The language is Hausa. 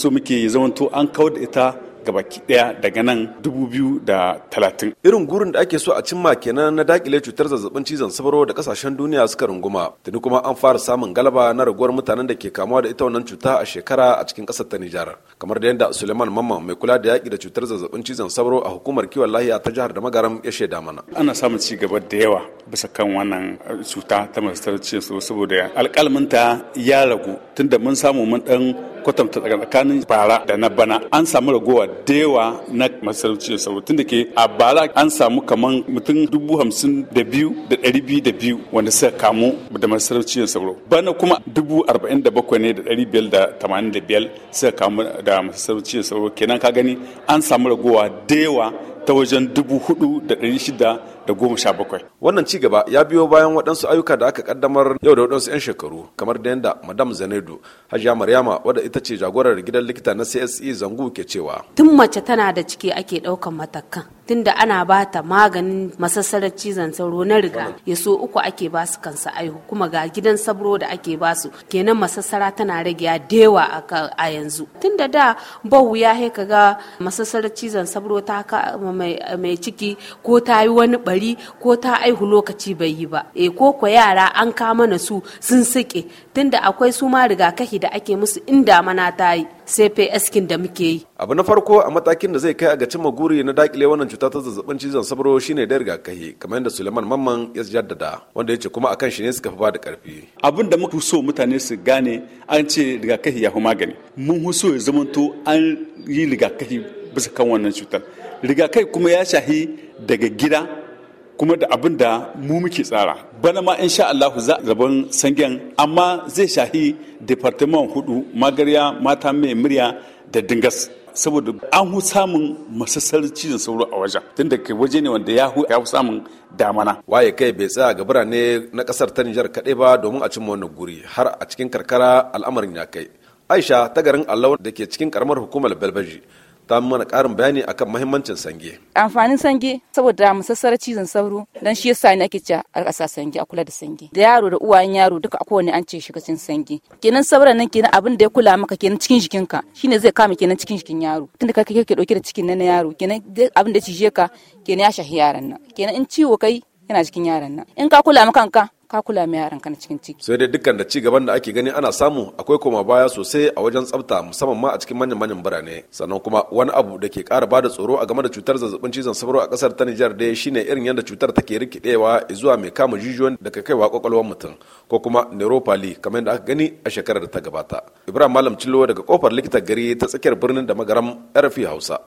so muke zamanto an kawar da ita gaba daya daga nan dubu biyu da talatin. Irin gurin da ake so a cimma kenan na dakile cutar zazzabin cizon sauro da kasashen duniya suka runguma. Tuni kuma an fara samun galaba na raguwar mutanen da ke kamuwa da ita wannan cuta a shekara a cikin kasar ta Nijar. Kamar da yadda Suleiman mamma mai kula da yaki da cutar zazzabin cizon sauro a hukumar kiwon lahiya ta jihar da magaram ya shaida mana. Ana samun ci gaba da yawa bisa kan wannan uh, cuta ta masu cizon sauro saboda alƙalminta ya ragu tunda mun samu mun ɗan kwatanta tsakanin bara da na bana an samu ragowa dewa na masarauci da sauro da ke a bara an samu kaman mutum dubu hamsin da biyu da ɗari biyu da biyu wanda suka kamu da masarauci da sauro bana kuma dubu arba'in da bakwai ne da ɗari biyar da tamanin da biyar suka kamu da masarauci da sauro kenan ka gani an samu ragowa dewa. ta wajen dubu hudu da shida goma sha 4,617. Wannan ci gaba ya biyo bayan waɗansu ayyuka da aka kaddamar yau da waɗansu 'yan shekaru kamar da yadda Madam Zanedo Hajiya Maryama wadda ita ce jagorar gidan likita na CSE Zangu ke cewa. Tun mace tana da ciki ake ɗaukan matakan. tunda ana bata maganin masassarar cizon sauro na riga ya so uku ake basu kansa aihu kuma ga gidan sabro da ake basu kenan masassara tana rage dewa a yanzu tunda da ba wuya he kaga masassarar cizon sabro ta mai ciki ko ta yi wani bari ko ta aihu lokaci bai yi ba e ko ko yara an kama na su sun sike tunda akwai su ma rigakafi da ake musu inda damana ta yi CPS kin da muke yi. Abu na farko a matakin da zai kai ga cimma guri na dakile wannan cuta ta zazzabin cizon sabro shine da rigakafi kamar yadda Suleiman Mamman ya jaddada wanda ya ce kuma akan shi ne suka fi da karfi. Abin da muka so mutane su gane an ce rigakafi ya fi magani. Mun so ya zamanto an yi rigakafi bisa kan wannan cutar. Rigakafi kuma ya shahi daga gida kuma da abin da mu muke tsara bana ma in sha Allah za a gaban sangen amma zai shahi departement hudu Magariya mata mai murya da dingas saboda an hu samun masassarar cizon sauro a wajen tun da waje ne wanda ya hu samun damana waye kai bai tsaya ga birane na kasar ta Nijar kaɗai ba domin a cimma wannan guri har a cikin karkara al'amarin ya kai Aisha ta garin Allah da ke cikin karamar hukumar Belbeji ta mana karin bayani akan mahimmancin sange. Amfanin sange saboda sassara cizon sauro dan shi yasa ne ake cewa a ƙasa sange a kula da sange. Da yaro da uwayen yaro duka kowane an ce shiga cikin sange. Kenan sauran nan kenan abin da ya kula maka kenan cikin jikinka shine zai kama kenan cikin jikin yaro. Tunda kai kake dauke da cikin nan yaro kenan abin da ya cije ka kenan ya shahi yaran nan. Kenan in ciwo kai yana cikin yaran nan. In ka kula maka kanka ka kula mai yaran kana cikin ciki sai dai dukkan da ci gaban da ake gani ana samu akwai koma baya sosai a wajen tsafta musamman ma a cikin manyan manyan birane sannan kuma wani abu da ke kara bada tsoro a game da cutar zazzabin cizon sauro a kasar ta Nijar dai shine irin yadda cutar take rikidewa zuwa mai kama jijiyoyin da ka kaiwa kwakwalwar mutum ko kuma neuropathy kamar yadda aka gani a shekarar da ta gabata Ibrahim Malam Cillo daga kofar likitan gari ta tsakiyar birnin da magaram RFI Hausa